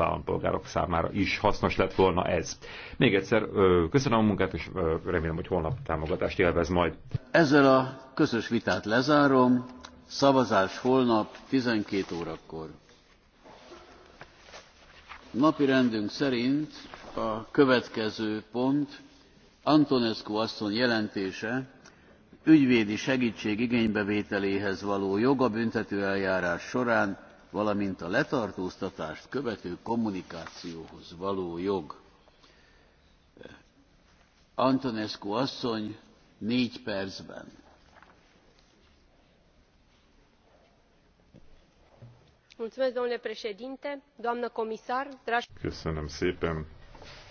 állampolgárok számára is hasznos lett volna ez. Még egyszer köszönöm a munkát, és remélem, hogy holnap támogatást élvez majd. Ezzel a közös vitát lezárom. Szavazás holnap 12 órakor. Napi rendünk szerint a következő pont Antonescu asszony jelentése ügyvédi segítség igénybevételéhez való jogabüntető eljárás során valamint a letartóztatást követő kommunikációhoz való jog. Antonescu asszony négy percben. domnule președinte doamnă comisar dragi. köszönöm szépen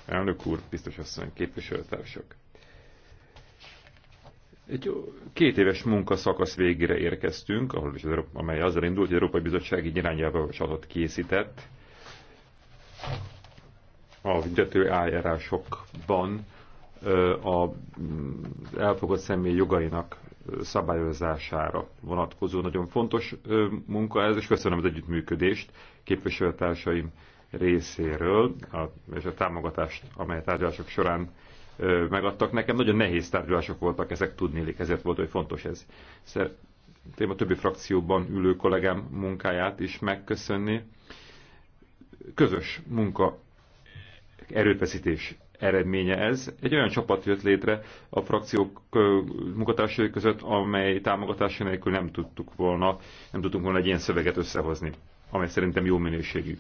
elnök úr biztos asszony képviselőtársak! Egy két éves munkaszakasz végére érkeztünk, ahol is az Európa, amely azzal indult, hogy az Európai Bizottság így irányjavaslatot készített a büntető eljárásokban az mm, elfogott személy jogainak szabályozására vonatkozó nagyon fontos munka ez, és köszönöm az együttműködést képviselőtársaim részéről, és a támogatást, amely a tárgyalások során megadtak nekem. Nagyon nehéz tárgyalások voltak ezek, tudnélik, ezért volt, hogy fontos ez. Szeretném a többi frakcióban ülő kollégám munkáját is megköszönni. Közös munka erőfeszítés eredménye ez. Egy olyan csapat jött létre a frakciók munkatársai között, amely támogatása nélkül nem tudtuk volna, nem tudtunk volna egy ilyen szöveget összehozni, amely szerintem jó minőségű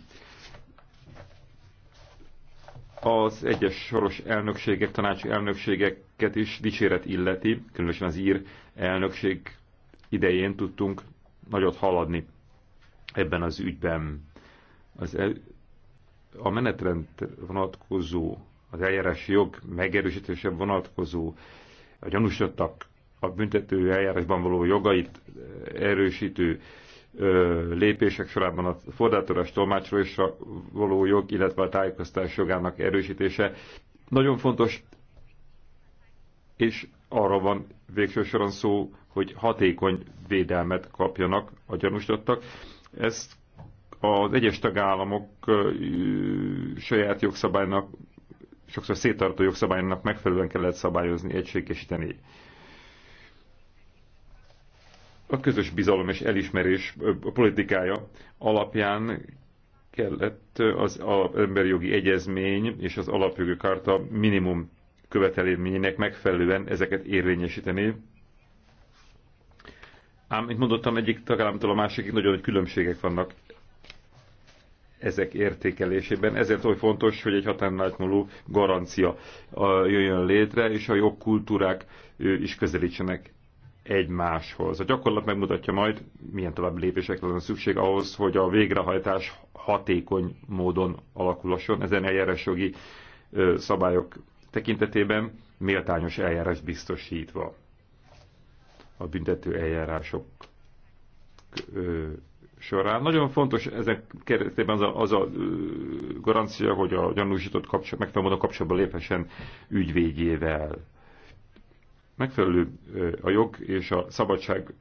az egyes soros elnökségek, tanácsi elnökségeket is dicséret illeti, különösen az ír elnökség idején tudtunk nagyot haladni ebben az ügyben. Az el, a menetrend vonatkozó, az eljárási jog megerősítése vonatkozó, a gyanúsodtak a büntető eljárásban való jogait erősítő lépések sorában a fordítóras a való jog, illetve a tájékoztatás jogának erősítése nagyon fontos, és arra van végső soron szó, hogy hatékony védelmet kapjanak a gyanúsítottak. Ezt az egyes tagállamok saját jogszabálynak, sokszor széttartó jogszabálynak megfelelően kellett szabályozni, egységesíteni a közös bizalom és elismerés politikája alapján kellett az, emberi jogi egyezmény és az alapjogi karta minimum követelményének megfelelően ezeket érvényesíteni. Ám, mint mondottam, egyik tagállamtól a másikig nagyon nagy különbségek vannak ezek értékelésében. Ezért oly fontos, hogy egy határnált múló garancia jöjjön létre, és a jogkultúrák is közelítsenek egymáshoz. A gyakorlat megmutatja majd, milyen további lépésekre lenne szükség ahhoz, hogy a végrehajtás hatékony módon alakulasson. Ezen jogi szabályok tekintetében méltányos eljárás biztosítva a büntető eljárások során. Nagyon fontos ezek keretében az a, az a garancia, hogy a gyanúsított kapcsolat, megfelelő módon kapcsolatban léphessen ügyvédjével. Megfelelő a jog és a szabadság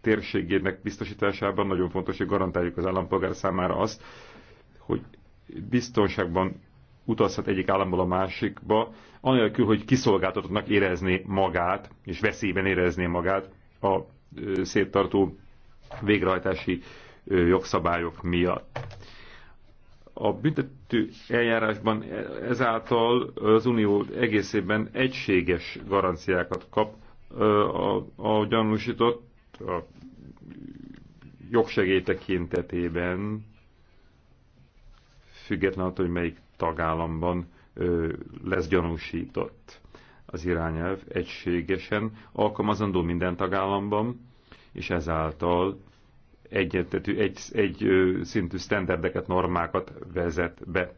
térségének biztosításában nagyon fontos, hogy garantáljuk az állampolgár számára azt, hogy biztonságban utazhat egyik államból a másikba, anélkül, hogy kiszolgáltatottnak érezné magát, és veszélyben érezné magát a széttartó végrehajtási jogszabályok miatt. A büntető eljárásban ezáltal az Unió egészében egységes garanciákat kap a, a gyanúsított a jogsegély tekintetében, független attól, hogy melyik tagállamban lesz gyanúsított az irányelv egységesen alkalmazandó minden tagállamban, és ezáltal egyetetű, egy, egy szintű sztenderdeket, normákat vezet be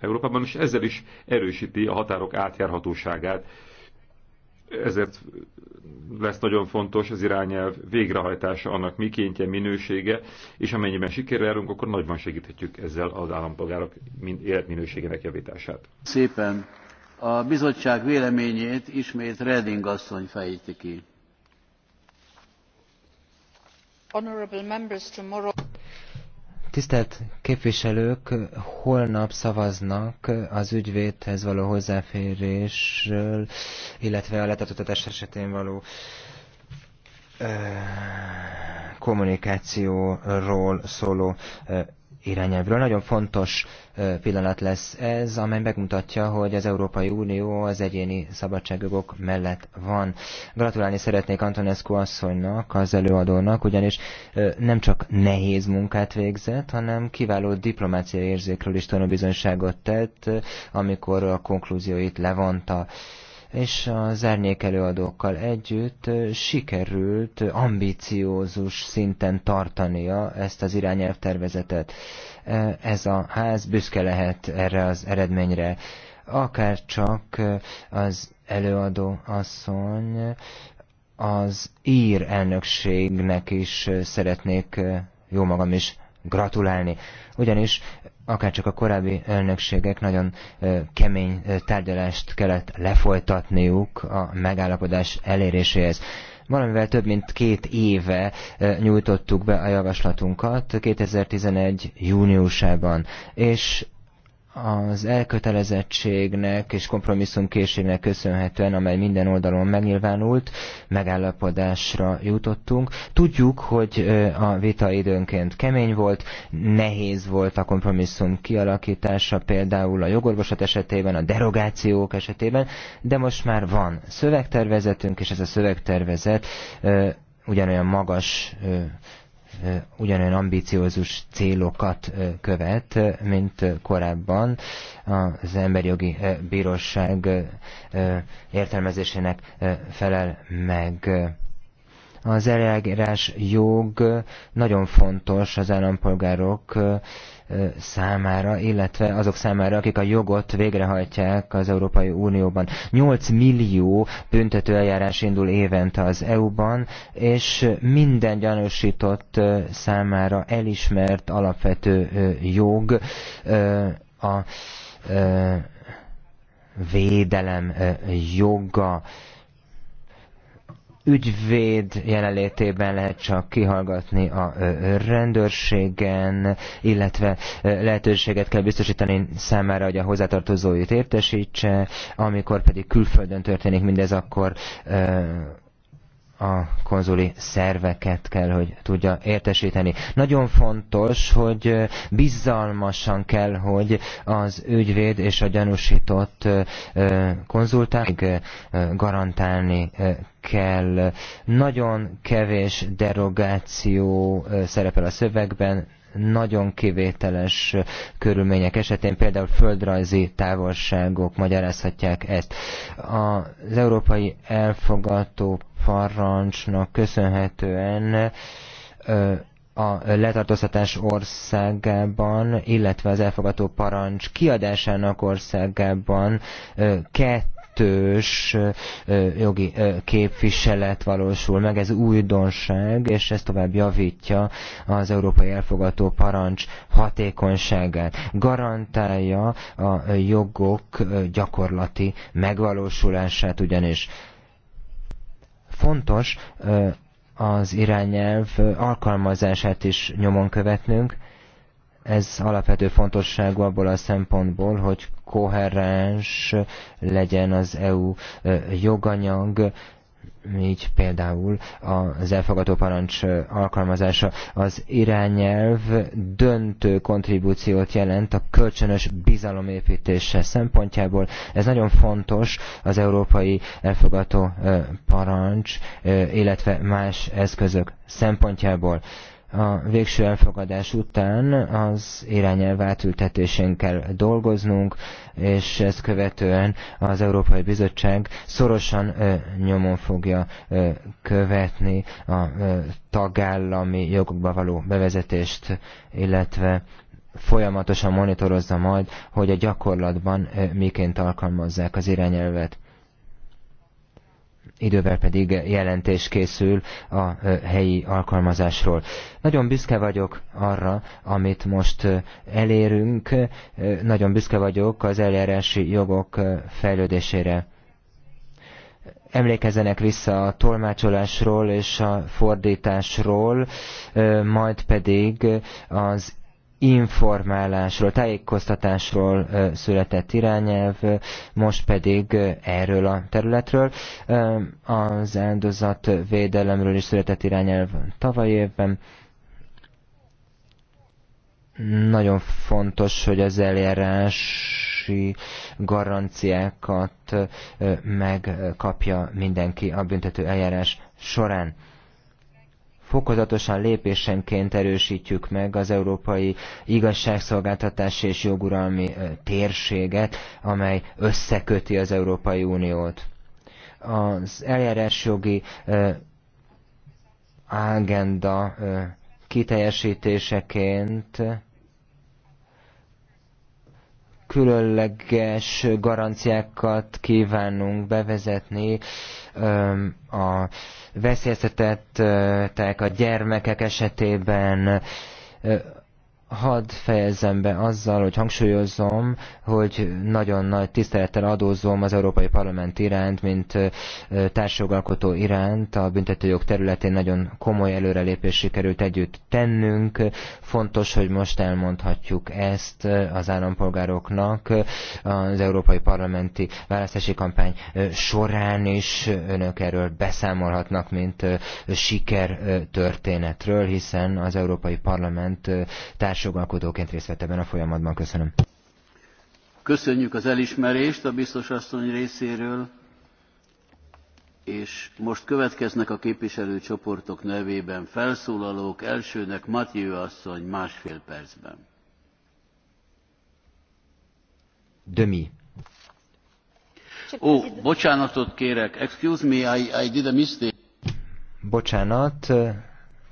Európában, és ezzel is erősíti a határok átjárhatóságát. Ezért lesz nagyon fontos az irányelv végrehajtása, annak mikéntje, minősége, és amennyiben sikerre járunk, akkor nagyban segíthetjük ezzel az állampolgárok életminőségének javítását. Szépen. A bizottság véleményét ismét Reding asszony fejti ki. Tisztelt képviselők, holnap szavaznak az ügyvédhez való hozzáférésről, illetve a letartóztatás esetén való eh, kommunikációról szóló eh, irányelvről. Nagyon fontos pillanat lesz ez, amely megmutatja, hogy az Európai Unió az egyéni szabadságjogok mellett van. Gratulálni szeretnék Antonescu asszonynak, az előadónak, ugyanis nem csak nehéz munkát végzett, hanem kiváló diplomáciai érzékről is tanúbizonyságot tett, amikor a konklúzióit levonta és az árnyék előadókkal együtt sikerült ambiciózus szinten tartania ezt az irányelvtervezetet. Ez a ház büszke lehet erre az eredményre. Akár csak az előadó asszony az ír elnökségnek is szeretnék jó magam is gratulálni. Ugyanis akárcsak a korábbi elnökségek nagyon kemény tárgyalást kellett lefolytatniuk a megállapodás eléréséhez valamivel több mint két éve nyújtottuk be a javaslatunkat 2011. júniusában, és az elkötelezettségnek és kompromisszumkészségnek köszönhetően, amely minden oldalon megnyilvánult, megállapodásra jutottunk. Tudjuk, hogy a vita időnként kemény volt, nehéz volt a kompromisszum kialakítása, például a jogorvosat esetében, a derogációk esetében, de most már van szövegtervezetünk, és ez a szövegtervezet ugyanolyan magas ugyanolyan ambiciózus célokat követ, mint korábban az emberi jogi bíróság értelmezésének felel meg. Az eljárás jog nagyon fontos az állampolgárok számára, illetve azok számára, akik a jogot végrehajtják az Európai Unióban. 8 millió büntető eljárás indul évente az EU-ban, és minden gyanúsított számára elismert alapvető jog a védelem joga ügyvéd jelenlétében lehet csak kihallgatni a rendőrségen, illetve lehetőséget kell biztosítani számára, hogy a hozzátartozóit értesítse, amikor pedig külföldön történik mindez, akkor a konzuli szerveket kell, hogy tudja értesíteni. Nagyon fontos, hogy bizalmasan kell, hogy az ügyvéd és a gyanúsított konzultáig garantálni kell. Nagyon kevés derogáció szerepel a szövegben, nagyon kivételes körülmények esetén, például földrajzi távolságok magyarázhatják ezt. Az európai elfogató parancsnak köszönhetően a letartóztatás országában, illetve az elfogadó parancs kiadásának országában kettő kettős jogi képviselet valósul meg, ez újdonság, és ez tovább javítja az európai elfogató parancs hatékonyságát. Garantálja a jogok gyakorlati megvalósulását ugyanis. Fontos az irányelv alkalmazását is nyomon követnünk, ez alapvető fontosságú abból a szempontból, hogy koherens legyen az EU joganyag, így például az elfogadó parancs alkalmazása. Az irányelv döntő kontribúciót jelent a kölcsönös bizalomépítése szempontjából. Ez nagyon fontos az európai elfogadó parancs, illetve más eszközök szempontjából a végső elfogadás után az irányelv átültetésén kell dolgoznunk, és ezt követően az Európai Bizottság szorosan nyomon fogja követni a tagállami jogokba való bevezetést, illetve folyamatosan monitorozza majd, hogy a gyakorlatban miként alkalmazzák az irányelvet idővel pedig jelentés készül a helyi alkalmazásról. Nagyon büszke vagyok arra, amit most elérünk, nagyon büszke vagyok az eljárási jogok fejlődésére. Emlékezzenek vissza a tolmácsolásról és a fordításról, majd pedig az informálásról, tájékoztatásról született irányelv, most pedig erről a területről. Az áldozat védelemről is született irányelv tavaly évben. Nagyon fontos, hogy az eljárási garanciákat megkapja mindenki a büntető eljárás során fokozatosan lépésenként erősítjük meg az európai igazságszolgáltatási és joguralmi térséget, amely összeköti az Európai Uniót. Az eljárásjogi ágenda kiteljesítéseként különleges garanciákat kívánunk bevezetni a veszélyeztetettek a gyermekek esetében hadd fejezzem be azzal, hogy hangsúlyozom, hogy nagyon nagy tisztelettel adózom az Európai Parlament iránt, mint társjogalkotó iránt. A büntetőjog területén nagyon komoly előrelépés sikerült együtt tennünk. Fontos, hogy most elmondhatjuk ezt az állampolgároknak az Európai Parlamenti választási kampány során is. Önök erről beszámolhatnak, mint siker történetről, hiszen az Európai Parlament társ társjogalkotóként részt vett ebben a folyamatban. Köszönöm. Köszönjük az elismerést a biztos asszony részéről, és most következnek a képviselőcsoportok nevében felszólalók. Elsőnek Matyő asszony másfél percben. Demi. Ó, oh, bocsánatot kérek. Excuse me, I, I did a mistake. Bocsánat,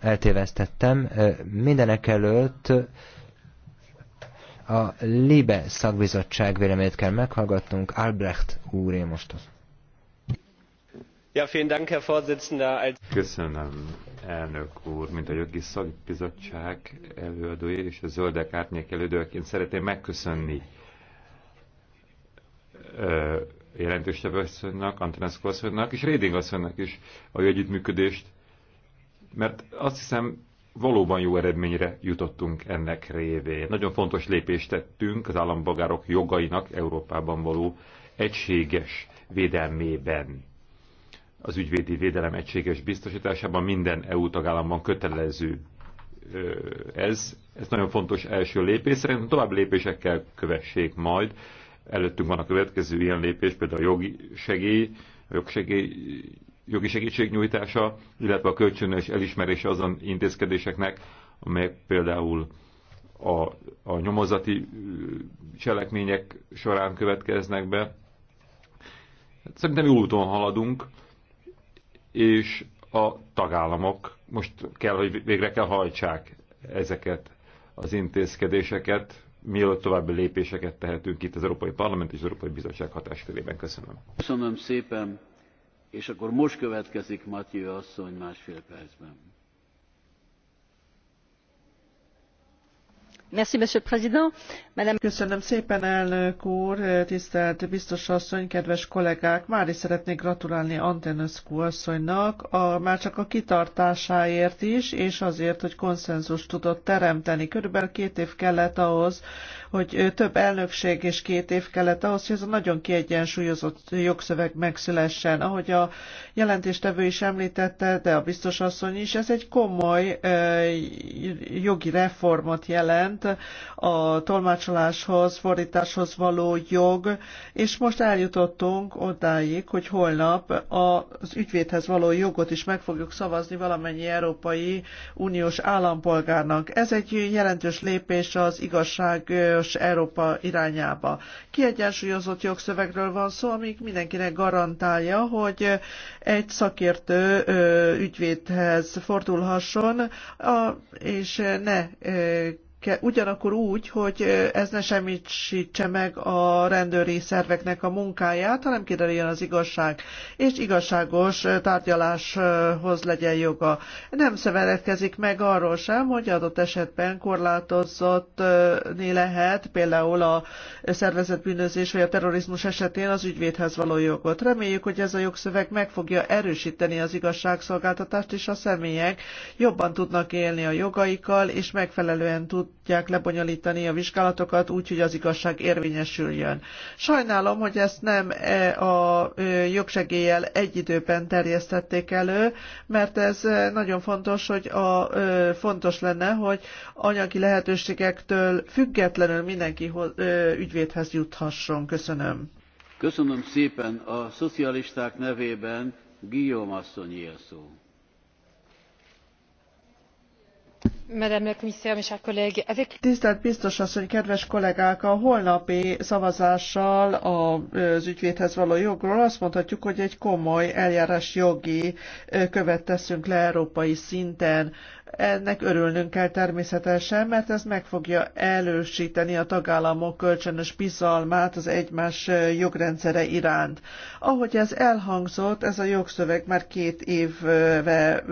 eltévesztettem. Mindenek előtt a LIBE szakbizottság véleményét kell meghallgatnunk. Albrecht én most az. Ja, vielen Dank, Herr Vorsitzender. Köszönöm, elnök úr, mint a jogi szakbizottság előadója és a zöldek árnyék előadóként szeretném megköszönni jelentős tevőszönnek, Antonesz asszonynak és Réding asszonynak is a együttműködést mert azt hiszem valóban jó eredményre jutottunk ennek révén. Nagyon fontos lépést tettünk az állampolgárok jogainak Európában való egységes védelmében. Az ügyvédi védelem egységes biztosításában minden EU tagállamban kötelező ez, ez nagyon fontos első lépés, szerintem tovább lépésekkel kövessék majd. Előttünk van a következő ilyen lépés, például a jogi segély, a jogsegély jogi segítség nyújtása, illetve a kölcsönös elismerése azon intézkedéseknek, amelyek például a, a nyomozati cselekmények során következnek be. Hát szerintem jó úton haladunk, és a tagállamok most kell, hogy végre kell hajtsák ezeket az intézkedéseket, mielőtt további lépéseket tehetünk itt az Európai Parlament és az Európai Bizottság hatáskörében. Köszönöm. Köszönöm szépen és akkor most következik Matyi asszony másfél percben. Köszönöm szépen, elnök úr, tisztelt biztos asszony, kedves kollégák! Már is szeretnék gratulálni Antenescu asszonynak, a, már csak a kitartásáért is, és azért, hogy konszenzus tudott teremteni. Körülbelül két év kellett ahhoz, hogy több elnökség és két év kellett ahhoz, hogy ez a nagyon kiegyensúlyozott jogszöveg megszülessen. Ahogy a jelentéstevő is említette, de a biztos asszony is, ez egy komoly jogi reformot jelent, a tolmácsoláshoz, fordításhoz való jog, és most eljutottunk odáig, hogy holnap az ügyvédhez való jogot is meg fogjuk szavazni valamennyi Európai Uniós állampolgárnak. Ez egy jelentős lépés az igazságos Európa irányába. Kiegyensúlyozott jogszövegről van szó, amik mindenkinek garantálja, hogy egy szakértő ügyvédhez fordulhasson, és ne ugyanakkor úgy, hogy ez ne semmisítse meg a rendőri szerveknek a munkáját, hanem kiderüljön az igazság, és igazságos tárgyaláshoz legyen joga. Nem szövetkezik meg arról sem, hogy adott esetben korlátozott lehet, például a szervezetbűnözés bűnözés vagy a terrorizmus esetén az ügyvédhez való jogot. Reméljük, hogy ez a jogszöveg meg fogja erősíteni az igazságszolgáltatást, és a személyek jobban tudnak élni a jogaikkal, és megfelelően tud tudják lebonyolítani a vizsgálatokat úgy, hogy az igazság érvényesüljön. Sajnálom, hogy ezt nem e, a jogsegéllyel egy időben terjesztették elő, mert ez nagyon fontos, hogy a, fontos lenne, hogy anyagi lehetőségektől függetlenül mindenki ügyvédhez juthasson. Köszönöm. Köszönöm szépen. A szocialisták nevében Guillaume asszony él szó. Tisztelt biztos asszony, kedves kollégák! A holnapi szavazással az ügyvédhez való jogról azt mondhatjuk, hogy egy komoly eljárás jogi követ teszünk le európai szinten. Ennek örülnünk kell természetesen, mert ez meg fogja elősíteni a tagállamok kölcsönös bizalmát az egymás jogrendszere iránt. Ahogy ez elhangzott, ez a jogszöveg már két évve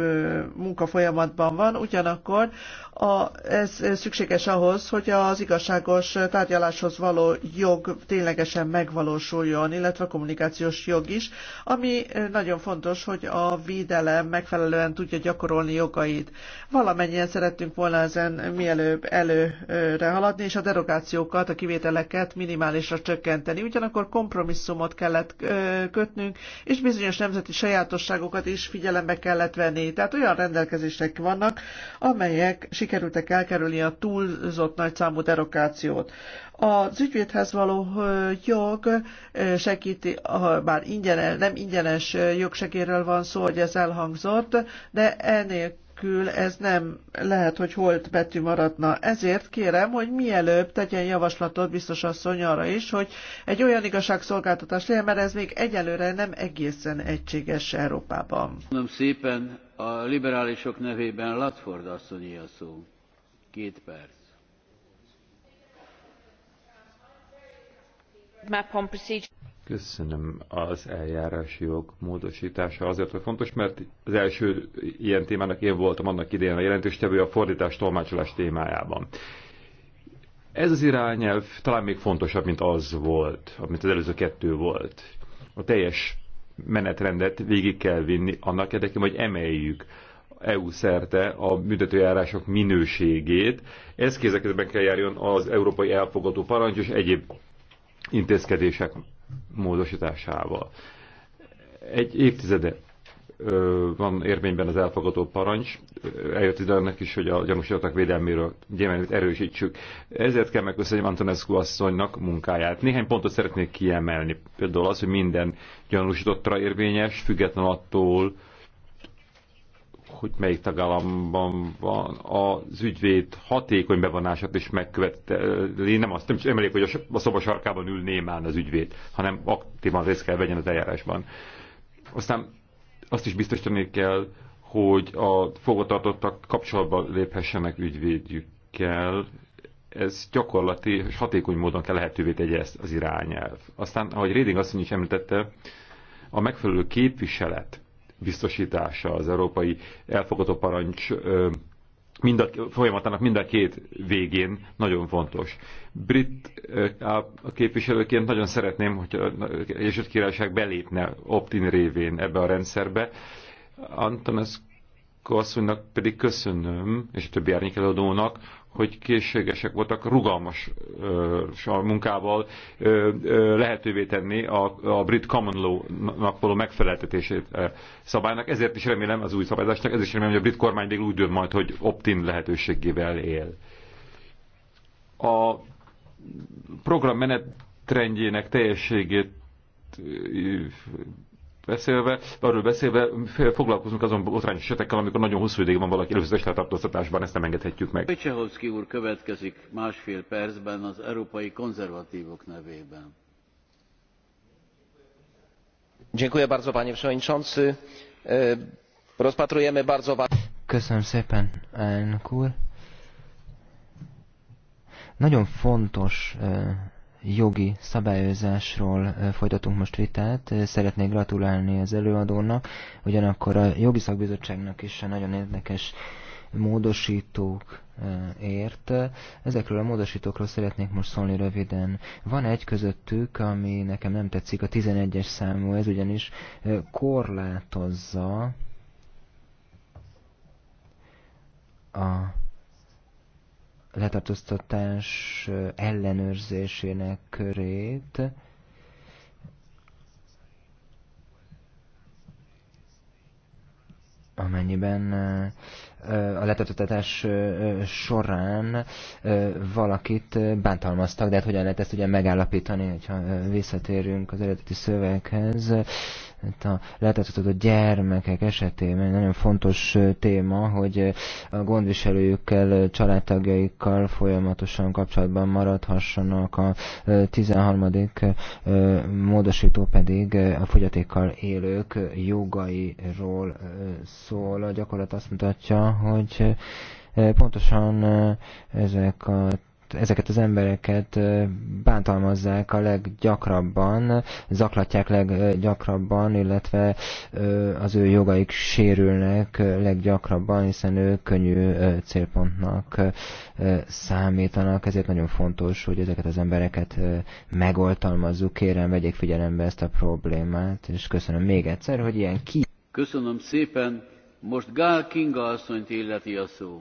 munkafolyamatban van, ugyanakkor a, ez szükséges ahhoz, hogy az igazságos tárgyaláshoz való jog ténylegesen megvalósuljon, illetve a kommunikációs jog is, ami nagyon fontos, hogy a védelem megfelelően tudja gyakorolni jogait. Valamennyien szerettünk volna ezen mielőbb előre haladni, és a derogációkat, a kivételeket minimálisra csökkenteni. Ugyanakkor kompromisszumot kellett kötnünk, és bizonyos nemzeti sajátosságokat is figyelembe kellett venni. Tehát olyan rendelkezések vannak, amelyek sikerültek, sikerültek elkerülni a túlzott nagy számú derokációt. Az ügyvédhez való jog segíti, bár ingyenes, nem ingyenes jogsegéről van szó, hogy ez elhangzott, de ennél nélkül ez nem lehet, hogy holt betű maradna. Ezért kérem, hogy mielőbb tegyen javaslatot biztos asszony arra is, hogy egy olyan igazságszolgáltatás legyen, mert ez még egyelőre nem egészen egységes Európában. Köszönöm szépen a liberálisok nevében Latford asszonyi a szó. Két perc. Map on procedure. Köszönöm az eljárási jog módosítása. Azért, hogy fontos, mert az első ilyen témának én voltam annak idején a jelentős tevő a fordítás tolmácsolás témájában. Ez az irányelv talán még fontosabb, mint az volt, amit az előző kettő volt. A teljes menetrendet végig kell vinni annak érdekében, hogy emeljük EU szerte a büntetőjárások minőségét. Ez kézekedben kell járjon az európai elfogadó parancs és egyéb intézkedések módosításával. Egy évtizede van érvényben az elfogadó parancs, eljött ide annak is, hogy a gyanúsítottak védelméről gyémelőt erősítsük. Ezért kell megköszönjem Antonescu asszonynak munkáját. Néhány pontot szeretnék kiemelni. Például az, hogy minden gyanúsítottra érvényes, független attól, hogy melyik tagállamban van az ügyvéd hatékony bevonását is megköveteli. Nem azt nem emlék, hogy a szoba sarkában ül némán az ügyvéd, hanem aktívan részt kell vegyen az eljárásban. Aztán azt is biztosítani kell, hogy a fogvatartottak kapcsolatba léphessenek ügyvédjükkel. Ez gyakorlati és hatékony módon kell lehetővé tegye ezt az irányelv. Aztán, ahogy Réding azt is említette, a megfelelő képviselet biztosítása, az európai elfogadó parancs mind a, folyamatának mind a két végén nagyon fontos. Brit a képviselőként nagyon szeretném, hogy a Egyesült Királyság belépne opt-in révén ebbe a rendszerbe. Antonescu asszonynak pedig köszönöm, és a többi árnyékelődónak, hogy készségesek voltak rugalmas ö, munkával ö, ö, lehetővé tenni a, a brit common law-nak való megfeleltetését ö, e szabálynak. Ezért is remélem az új szabályzásnak, ezért is remélem, hogy a brit kormány végül úgy dönt majd, hogy opt-in lehetőségével él. A program menetrendjének teljességét beszélve, arról beszélve foglalkozunk azon botrányos esetekkel, amikor nagyon hosszú ideig van valaki előzetes letartóztatásban, ezt nem engedhetjük meg. Pécsehovszki úr következik másfél percben az európai konzervatívok nevében. Dziękuję bardzo, panie przewodniczący. E, rozpatrujemy bardzo... Köszönöm szépen, elnök úr. Nagyon fontos e, jogi szabályozásról folytatunk most vitát. Szeretnék gratulálni az előadónak, ugyanakkor a jogi szakbizottságnak is a nagyon érdekes módosítók ért. Ezekről a módosítókról szeretnék most szólni röviden. Van egy közöttük, ami nekem nem tetszik, a 11-es számú, ez ugyanis korlátozza a letartóztatás ellenőrzésének körét, amennyiben a letartóztatás során valakit bántalmaztak, de hát hogyan lehet ezt ugye megállapítani, hogyha visszatérünk az eredeti szöveghez itt a letartóztatott gyermekek esetében nagyon fontos téma, hogy a gondviselőjükkel, családtagjaikkal folyamatosan kapcsolatban maradhassanak. A 13. módosító pedig a fogyatékkal élők jogairól szól. A gyakorlat azt mutatja, hogy pontosan ezek a ezeket az embereket bántalmazzák a leggyakrabban, zaklatják leggyakrabban, illetve az ő jogaik sérülnek leggyakrabban, hiszen ők könnyű célpontnak számítanak, ezért nagyon fontos, hogy ezeket az embereket megoltalmazzuk, kérem, vegyék figyelembe ezt a problémát, és köszönöm még egyszer, hogy ilyen ki... Köszönöm szépen, most Gál Kinga asszonyt illeti a szó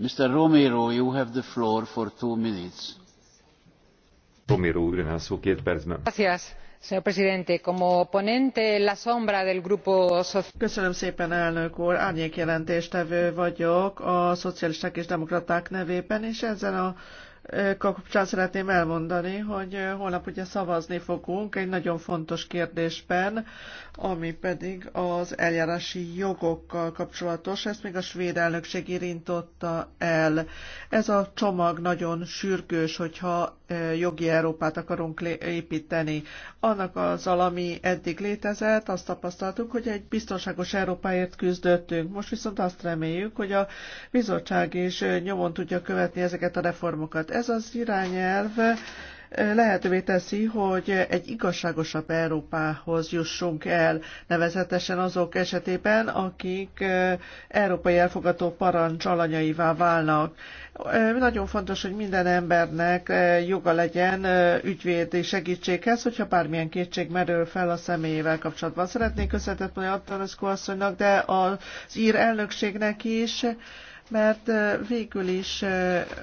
Mr. Romero, you have the floor for two minutes. Romero úr, Gracias señor presidente como ponente alternativo del grupo socialista jelentéstevő vagyok a szocialisták és demokraták nevében és ezen a kapcsán szeretném elmondani, hogy holnap ugye szavazni fogunk egy nagyon fontos kérdésben, ami pedig az eljárási jogokkal kapcsolatos. Ezt még a svéd elnökség irintotta el. Ez a csomag nagyon sürgős, hogyha jogi Európát akarunk építeni. Annak az, ami eddig létezett, azt tapasztaltuk, hogy egy biztonságos Európáért küzdöttünk. Most viszont azt reméljük, hogy a bizottság is nyomon tudja követni ezeket a reformokat ez az irányelv lehetővé teszi, hogy egy igazságosabb Európához jussunk el, nevezetesen azok esetében, akik európai elfogató parancs alanyaivá válnak. Nagyon fontos, hogy minden embernek joga legyen ügyvédi segítséghez, hogyha bármilyen kétség merül fel a személyével kapcsolatban. Szeretnék köszönetet mondani Antonescu asszonynak, de az ír elnökségnek is, mert végül is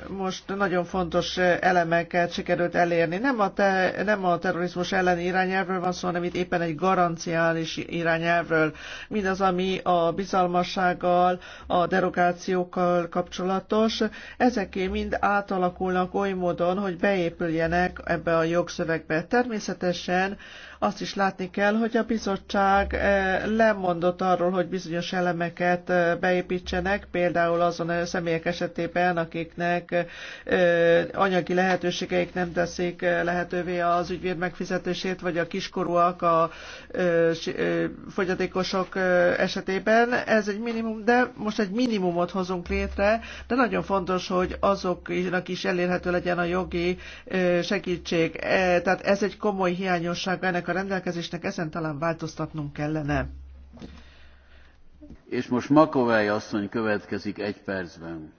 most nagyon fontos elemeket sikerült elérni. Nem a, te, nem a terrorizmus elleni irányelvről van szó, hanem itt éppen egy garanciális irányelvről. Mindaz, ami a bizalmassággal, a derogációkkal kapcsolatos, ezeké mind átalakulnak oly módon, hogy beépüljenek ebbe a jogszövegbe. Természetesen azt is látni kell, hogy a bizottság eh, lemondott arról, hogy bizonyos elemeket eh, beépítsenek, például azon a eh, személyek esetében, akiknek anyagi lehetőségeik nem teszik lehetővé az ügyvéd megfizetését, vagy a kiskorúak, a fogyatékosok esetében. Ez egy minimum, de most egy minimumot hozunk létre, de nagyon fontos, hogy azoknak is elérhető legyen a jogi segítség. Tehát ez egy komoly hiányosság ennek a a rendelkezésnek, ezen talán változtatnunk kellene. És most Makovály asszony következik egy percben.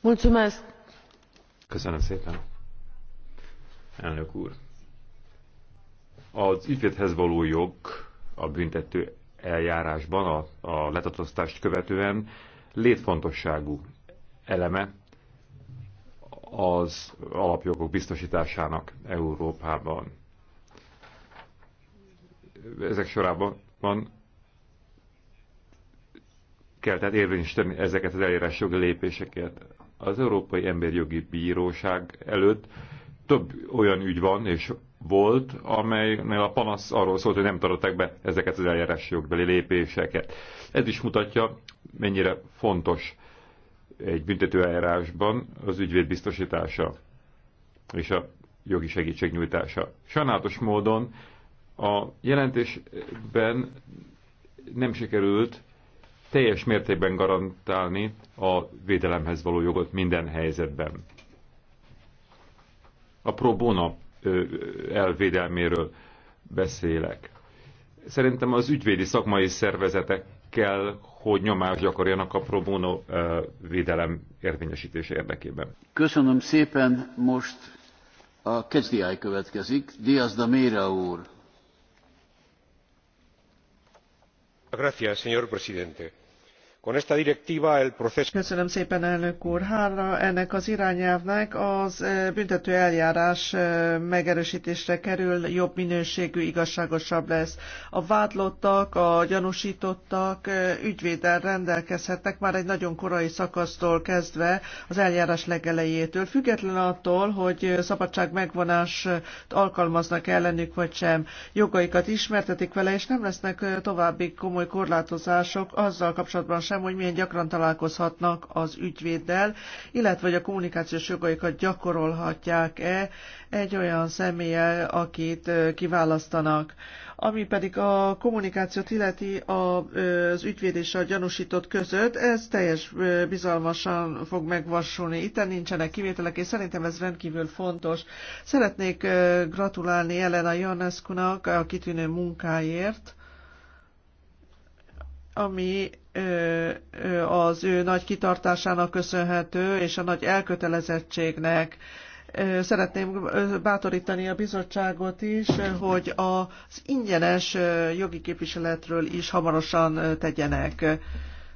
Mulțumesc! Köszönöm szépen! Elnök úr! Az ügyvédhez való jog a büntető eljárásban a, a letartóztást követően létfontosságú eleme az alapjogok biztosításának Európában ezek sorában van, kell tehát érvényesíteni ezeket az eljárásjogi lépéseket. Az Európai Emberjogi Bíróság előtt több olyan ügy van, és volt, amelynél a panasz arról szólt, hogy nem tartották be ezeket az eljárás jogbeli lépéseket. Ez is mutatja, mennyire fontos egy büntetőeljárásban az ügyvéd biztosítása és a jogi segítség nyújtása. Sajnálatos módon a jelentésben nem sikerült teljes mértékben garantálni a védelemhez való jogot minden helyzetben. A pro bono elvédelméről beszélek. Szerintem az ügyvédi szakmai kell, hogy nyomást gyakorjanak a pro bono védelem érvényesítése érdekében. Köszönöm szépen, most a kezdiáj következik. Diaz da Mére úr señor presidente Con esta directiva el proceso... Köszönöm szépen, elnök úr. Hála ennek az irányelvnek az eh, büntető eljárás eh, megerősítésre kerül, jobb minőségű, igazságosabb lesz. A vádlottak, a gyanúsítottak eh, ügyvéddel rendelkezhetnek már egy nagyon korai szakasztól kezdve az eljárás legelejétől, független attól, hogy szabadság megvonást alkalmaznak ellenük vagy sem. Jogaikat ismertetik vele, és nem lesznek további komoly korlátozások azzal kapcsolatban sem, kérdésem, hogy milyen gyakran találkozhatnak az ügyvéddel, illetve hogy a kommunikációs jogaikat gyakorolhatják-e egy olyan személlyel, akit kiválasztanak. Ami pedig a kommunikációt illeti az ügyvéd és a gyanúsított között, ez teljes bizalmasan fog megvassulni. Itt nincsenek kivételek, és szerintem ez rendkívül fontos. Szeretnék gratulálni Elena Janeszkunak a kitűnő munkáért, ami az ő nagy kitartásának köszönhető, és a nagy elkötelezettségnek. Szeretném bátorítani a bizottságot is, hogy az ingyenes jogi képviseletről is hamarosan tegyenek.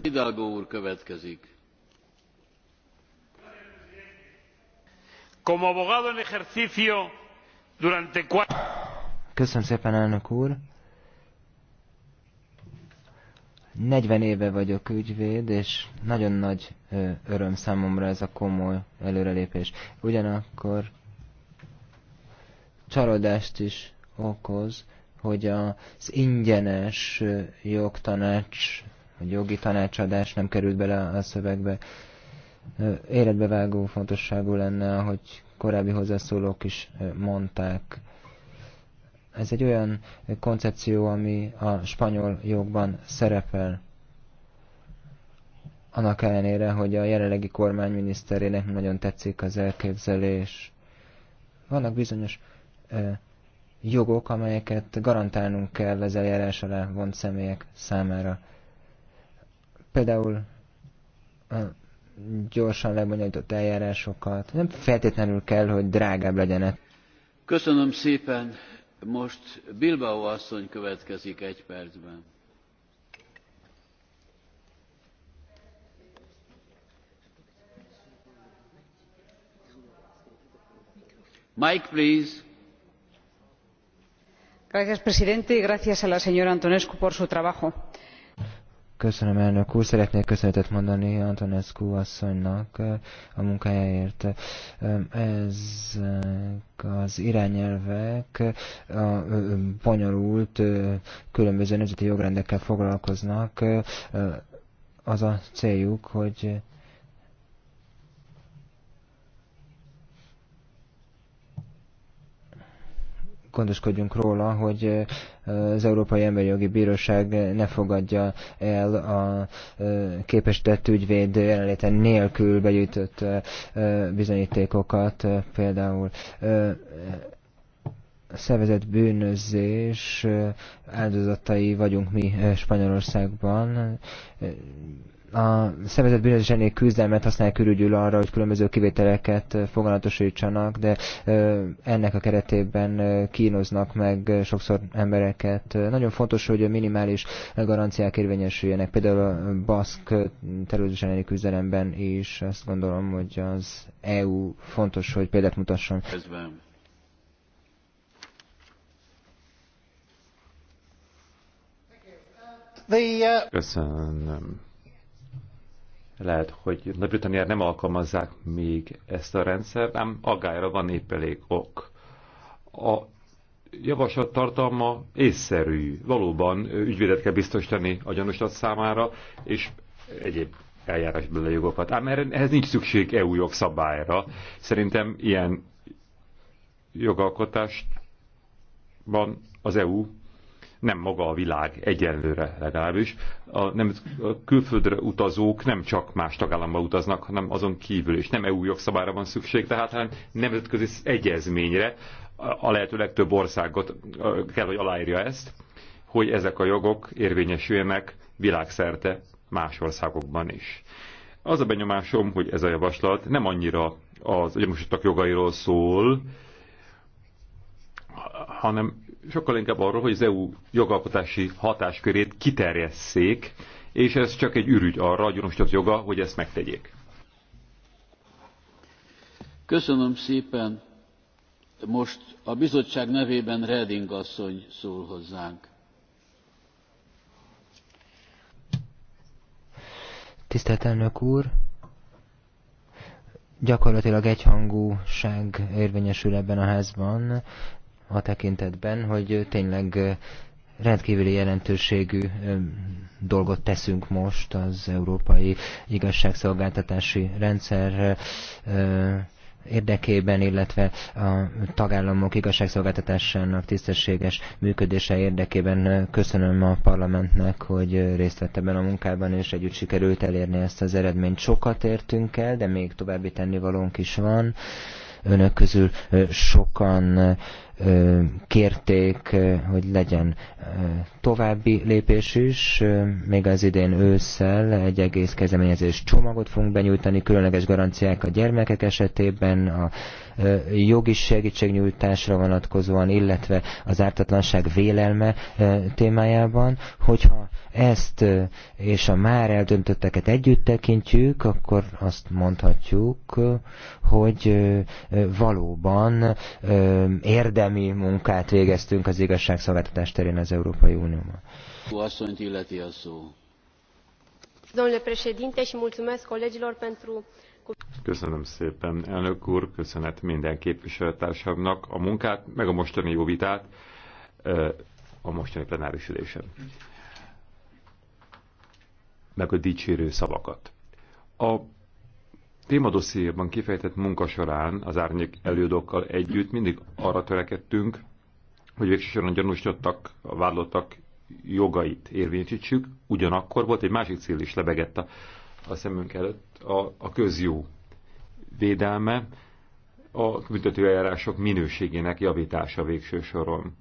Hidalgo úr következik. Como abogado en ejercicio durante Köszönöm szépen, elnök úr. 40 éve vagyok ügyvéd, és nagyon nagy öröm számomra ez a komoly előrelépés. Ugyanakkor csalódást is okoz, hogy az ingyenes jogtanács, vagy jogi tanácsadás nem került bele a szövegbe. Életbevágó fontosságú lenne, hogy korábbi hozzászólók is mondták, ez egy olyan koncepció, ami a spanyol jogban szerepel. Annak ellenére, hogy a jelenlegi kormányminiszterének nagyon tetszik az elképzelés. Vannak bizonyos eh, jogok, amelyeket garantálnunk kell az eljárás alá vont személyek számára. Például a gyorsan lebonyolított eljárásokat. Nem feltétlenül kell, hogy drágább legyenek. Köszönöm szépen most Bilbao asszony következik egy percben. Mike, please. Gracias, presidente, y gracias a la señora Antonescu por su trabajo. Köszönöm, elnök úr. Szeretnék köszönetet mondani Antonescu asszonynak a munkájáért. ez az irányelvek a bonyolult különböző nemzeti jogrendekkel foglalkoznak. Az a céljuk, hogy gondoskodjunk róla, hogy az Európai Emberi Jogi Bíróság ne fogadja el a képesített ügyvéd jelenléten nélkül begyűjtött bizonyítékokat, például szervezett bűnözés áldozatai vagyunk mi Spanyolországban a szervezet bűnözésenél küzdelmet használják körülgyűl arra, hogy különböző kivételeket foganatosítsanak, de ennek a keretében kínoznak meg sokszor embereket. Nagyon fontos, hogy a minimális garanciák érvényesüljenek, például a baszk terrorizmus elleni küzdelemben is. Azt gondolom, hogy az EU fontos, hogy példát mutasson. Közben. Uh, Köszönöm lehet, hogy Nagy-Britanniára nem alkalmazzák még ezt a rendszert, ám aggályra van épp elég ok. A javaslat tartalma észszerű. Valóban ügyvédet kell biztosítani a gyanúsat számára, és egyéb eljárásbeli jogokat. Ám erre ehhez nincs szükség EU jogszabályra. Szerintem ilyen jogalkotást van az EU nem maga a világ egyenlőre legalábbis. A, nem, a külföldre utazók nem csak más tagállamba utaznak, hanem azon kívül, is, nem EU jogszabályra van szükség, tehát hanem nemzetközi egyezményre a lehető legtöbb országot kell, hogy aláírja ezt, hogy ezek a jogok érvényesüljenek világszerte más országokban is. Az a benyomásom, hogy ez a javaslat nem annyira az agyamosítottak jogairól szól, hanem sokkal inkább arról, hogy az EU jogalkotási hatáskörét kiterjesszék, és ez csak egy ürügy arra, a gyanúsított joga, hogy ezt megtegyék. Köszönöm szépen. Most a bizottság nevében Reding asszony szól hozzánk. Tisztelt elnök úr! Gyakorlatilag egyhangúság érvényesül ebben a házban a tekintetben, hogy tényleg rendkívüli jelentőségű dolgot teszünk most az európai igazságszolgáltatási rendszer érdekében, illetve a tagállamok igazságszolgáltatásának tisztességes működése érdekében köszönöm a parlamentnek, hogy részt vett ebben a munkában, és együtt sikerült elérni ezt az eredményt. Sokat értünk el, de még további tennivalónk is van önök közül sokan kérték, hogy legyen további lépés is. Még az idén ősszel egy egész kezdeményezés csomagot fogunk benyújtani, különleges garanciák a gyermekek esetében, a jogi segítségnyújtásra vonatkozóan, illetve az ártatlanság vélelme témájában, hogyha ezt és a már eldöntötteket együtt tekintjük, akkor azt mondhatjuk, hogy valóban érdemi munkát végeztünk az igazságszolgáltatás terén az Európai Unióban. Asszonyt illeti a szó. Domnule președinte, și mulțumesc colegilor pentru Köszönöm szépen, elnök úr, köszönet minden képviselőtársamnak a munkát, meg a mostani jó vitát a mostani plenáris ülésen. Meg a dicsérő szavakat. A témadosszéjában kifejtett munka során az árnyék elődokkal együtt mindig arra törekedtünk, hogy végsősorban gyanúsítottak, a vádlottak jogait érvényesítsük, ugyanakkor volt egy másik cél is lebegett a, a szemünk előtt, a, a közjó védelme, a büntetőeljárások minőségének javítása végső soron.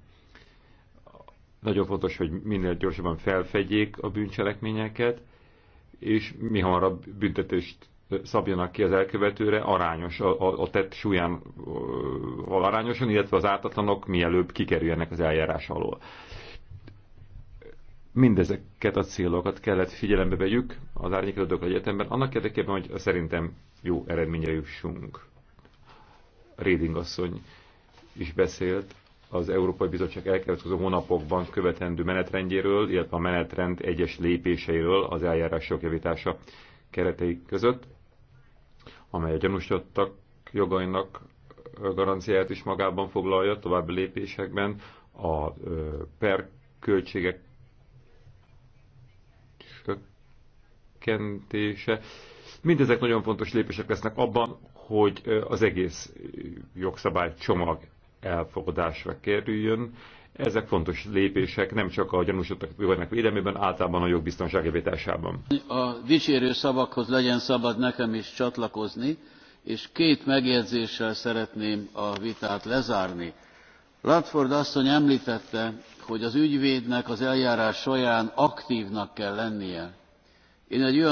Nagyon fontos, hogy minél gyorsabban felfedjék a bűncselekményeket, és mi hamarabb büntetést szabjanak ki az elkövetőre arányos, a, a, a tett súlyán arányosan, illetve az ártatlanok mielőbb kikerüljenek az eljárás alól mindezeket a célokat kellett figyelembe vegyük az árnyékelődők egyetemben, annak érdekében, hogy szerintem jó eredményre jussunk. Réding asszony is beszélt az Európai Bizottság elkövetkező hónapokban követendő menetrendjéről, illetve a menetrend egyes lépéseiről az eljárások javítása keretei között, amely a gyanúsítottak jogainak garanciáját is magában foglalja további lépésekben, a per költségek csökkentése. Mindezek nagyon fontos lépések lesznek abban, hogy az egész jogszabály csomag elfogadásra kerüljön. Ezek fontos lépések nem csak a gyanúsítottak jogainak védelmében, általában a jogbiztonság javításában. A dicsérő szavakhoz legyen szabad nekem is csatlakozni, és két megjegyzéssel szeretném a vitát lezárni. Latford asszony említette, hogy az ügyvédnek az eljárás során aktívnak kell lennie én egy olyan